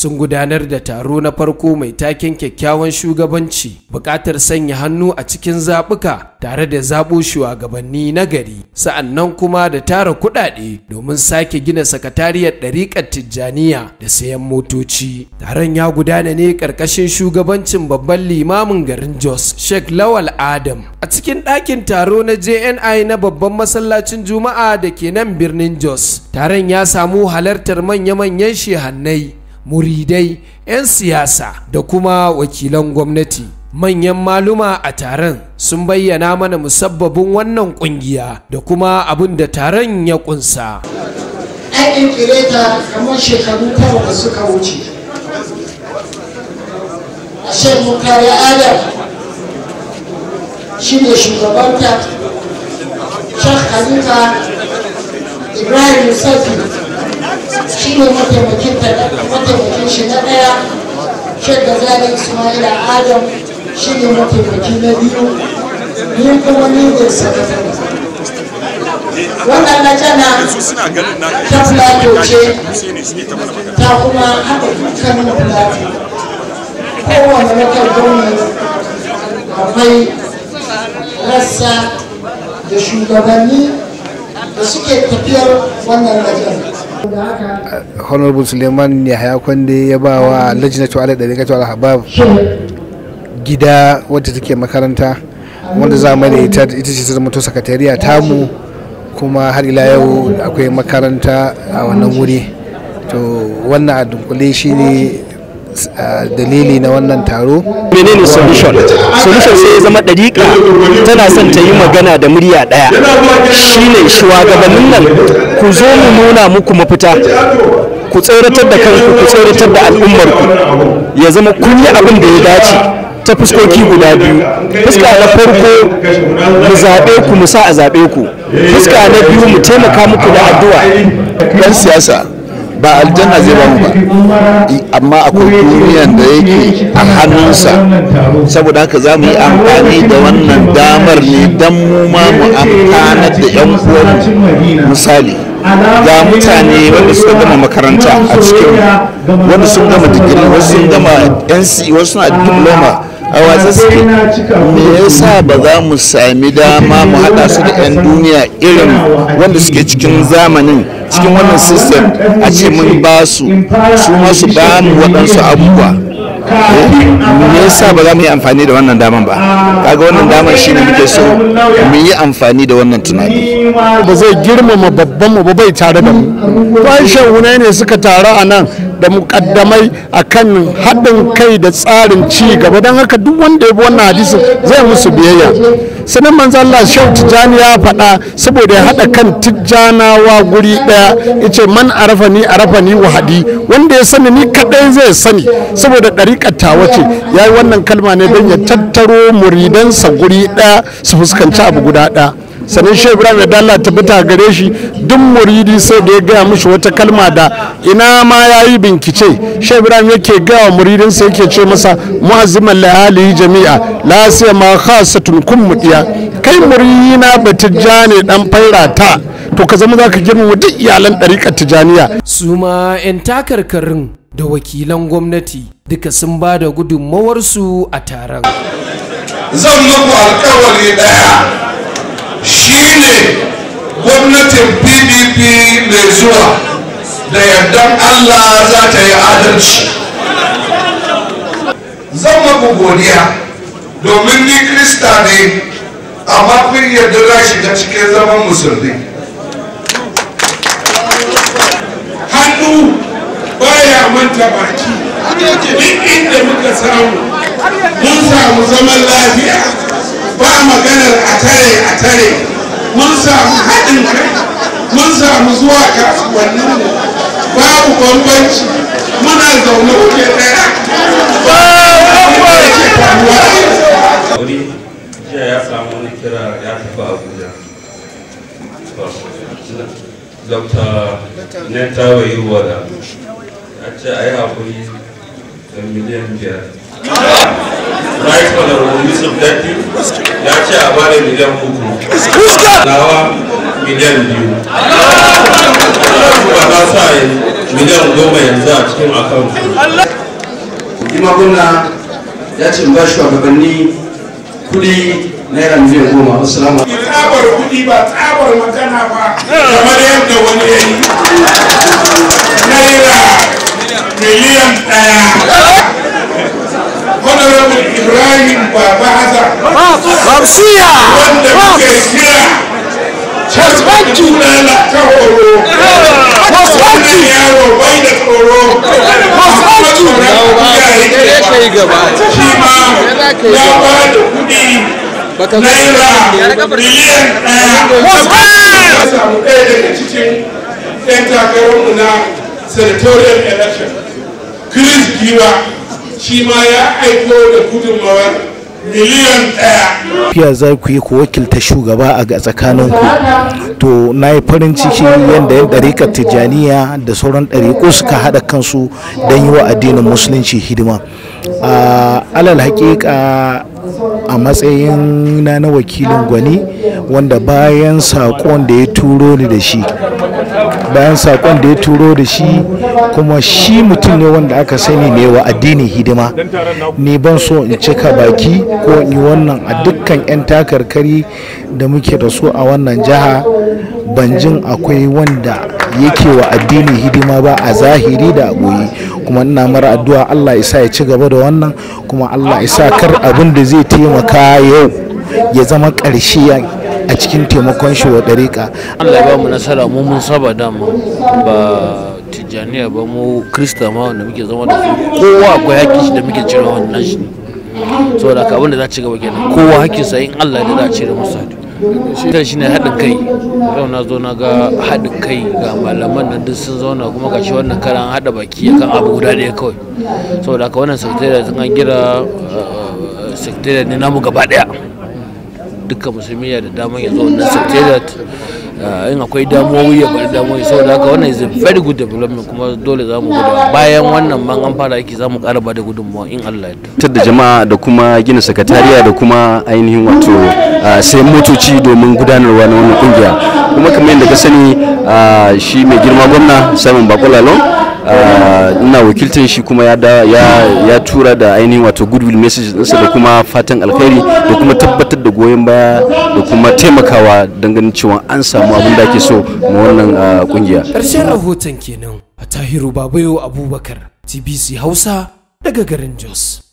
sun gudanar da taro na farko mai taken kyakkyawan shugabanci buƙatar sanya hannu a cikin zaɓuka tare da zaɓo shugabanni na gari sa'annan kuma da tara kuɗaɗe domin sake gina sakatariyar ɗariƙar tijjaniya da sayan motoci taron ya gudana ne ƙarƙashin shugabancin babban limamin garin jos sheikh lawal adam a cikin ɗakin taro na jni na babban masallacin juma'a da ke nan birnin jos taron ya samu halartar manya-manyan shehannai muridai 'yan siyasa da kuma wakilan gwamnati manyan maluma a taron sun bayyana mana musabbabin wannan kungiya da kuma abin da taron ya kunsa aikin kireta kamar shekaru tara da suka wuce a shekun kare adam shi ne shugabanta shan halifa ibrahim safi shi ne mataimakin mataimakin shi na ɗaya shek gazali ismail adam shi ne mataimaki na biyu ni kuma ni ne wanda na jana ta fulato ce ta kuma haka dukkanin plato kowane lokal gwamnati akwai rassa da shugabanni da suke tafiyar wannan lajana honorable suleiman yahaya kwande ya ba wa lajinatu da ɗari al habab gida wadda take makaranta wanda za mu da ita ce ta zama to sakatariya tamu kuma har ila yau akwai makaranta a wannan wuri to wannan a dunkule shi ne dalili na wannan taro menene solution solution sai ya zama dariƙa tana son ta yi magana da murya ɗaya shine shugabannin nan ku zo mu nuna muku mafita ku tsoratar da kanku ku tsoratar da al'ummarku ya zama kun abin da ya dace ta fuskoki guda biyu fuska na farko mu zaɓe ku mu sa a zaɓe ku fuska na biyu mu taimaka muku da addu'a ɗan siyasa ba aljanna zai ba mu ba amma akwai duniyan da yake a hannunsa saboda haka za mu yi amfani da wannan damar ne don mu ma mu amfanar da yan uwan misali ga mutane wanda suka gama makaranta a cikin wanda sun gama digiri wasu sun gama nc wasu suna diploma a watsa suke me sa ba za mu sami dama mu haɗa su da 'yan duniya irin wanda suke cikin zamanin cikin wannan system a ce mun ba su su masu ba mu waɗansu abubuwa me sa ba za mu yi amfani da wannan daman ba kaga wannan daman shi ne muke so mu yi amfani da wannan tunani ba zai girmama babban mu ba bai tare da mu kwanshan shan ne suka taru a nan da mukaddamai kan haɗin kai da tsarin ci gaba don haka duk wanda ya bi wannan hadisin zai musu biyayya sanin manzan Allah Shehu Tijjani ya faɗa saboda ya haɗa kan Tijjanawa guri ɗaya ce man ni ni arafani wahadi wanda ya sani ni kaɗai zai sani saboda ɗariƙar tawa ce yi wannan kalma ne don ya tattaro muridansa guri ɗaya su fuskanci abu guda ɗaya sannan shehu ibrahim ya dalla tabbata gare shi duk muridi sai da ya gaya mushi wata kalma da ina ma ya yi binkice shehu ibrahim yake gaya wa muridin sai yake ce masa mu'azziman layali jami'a la sai ma khasatun kun mudiya kai muridina batijjani dan faira ta to ka zama zaka girma duk iyalan ɗariƙar tijaniya su ma 'yan takarkarin da wakilan gwamnati duka sun ba da gudunmawarsu a taron zan muku alƙawari ɗaya shine gwamnatin pdp mai zuwa da yardan allah za ta yi adalci zan maku godiya domin ni krista ne a kun yarda za shiga cikin zaman musulmi hannu baya manta baki duk inda muka samu mun samu zaman lafiya ba maganar a tare a tare mun samu haɗin kai mun samu zuwa kasuwannin mu babu bambanci muna zaune kuke ɗaya ba wani jiya ya samu wani kira ya tafi abuja dr ta wayi wada ya ce a yi haƙuri da miliyan biyar right honorable yusuf daddi ya ce a bada miliyan uku nawa miliyan biyu kuma na sa yi miliyan goma yanzu a cikin akawunti kuma gwamna ya ce ba shugabanni kudi naira miliyan goma assalamu tsabar kuɗi ba tsabar magana ba kamar yadda wani ya yi naira miliyan ɗaya honorable ibrahim baba babsiya wanda muke kira tasbanci na ta horo tasbanci yaro bai da tsoro tasbanci ya kai gaba shi ma ya ba da kudi naira miliyan ɗaya ya samu ɗaya daga cikin yan takararmu na senatorial election chris giwa shi ya aiko da gudunmawar miliyan ɗaya. Fiya za ku yi ku wakilta shugaba a tsakanin ku. To na yi farin ciki yadda ya ɗarika Tijjaniya da sauran ɗariƙu suka haɗa kansu don yi wa addinin Musulunci hidima. A alal haƙiƙa a matsayin na na wakilin gwani wanda bayan saƙon da ya turo ni da shi bayan sakon da ya turo da shi kuma shi mutum ne wanda aka sani ne wa addini hidima ni ban so in cika baki ko in wannan a dukkan 'yan takarkari da muke da su a wannan jiha banjin akwai wanda yake wa addini hidima ba a zahiri da goyi kuma ina mara addu'a Allah isa ya ci gaba da wannan kuma Allah isa kar abin da zai taimaka yau ya zama ƙarshe a cikin taimakon shi wa dariƙa. Allah ba mu nasara mu mun saba dama ba tijjaniya ba mu krista ma wanda muke zama da su kowa akwai haƙƙin shi da muke cire wannan shi saboda da abin da za ci gaba kenan kowa haƙƙin sa in Allah da za a cire masa shi shi ne haɗin kai yau na zo na ga haɗin kai ga malaman nan duk sun zauna kuma ga shi wannan karan haɗa baki ya kan abu guda ɗaya kawai saboda haka wannan sakitariya sun an gira eh, sakitariya ne namu gaba ɗaya dukkan musulmi ya da damar ya zo wannan secretariat ah, in akwai damuwoyi ya bari damuwoyi saboda haka wannan is a very good development kuma dole za mu gudu bayan wannan man an fara aiki za mu kara ba da gudunmuwa in Allah ya da jama'a da kuma gina sakatariya da kuma ainihin wato ah, sai motoci domin gudanarwa na wannan kungiya kuma kamar yadda ka sani ah, shi mai girma gwamna Simon Bakola lalon. Ah, ina wakiltar shi kuma ya tura da ainihin wato goodwill message ɗinsa da kuma fatan alkhairi da kuma tabbatar da goyon baya da kuma taimakawa dangane cewa an samu abin da ake so ma wannan kungiya ah, ƙarshen rahoton kenan a tahiru babayo abubakar tbc hausa daga garin jos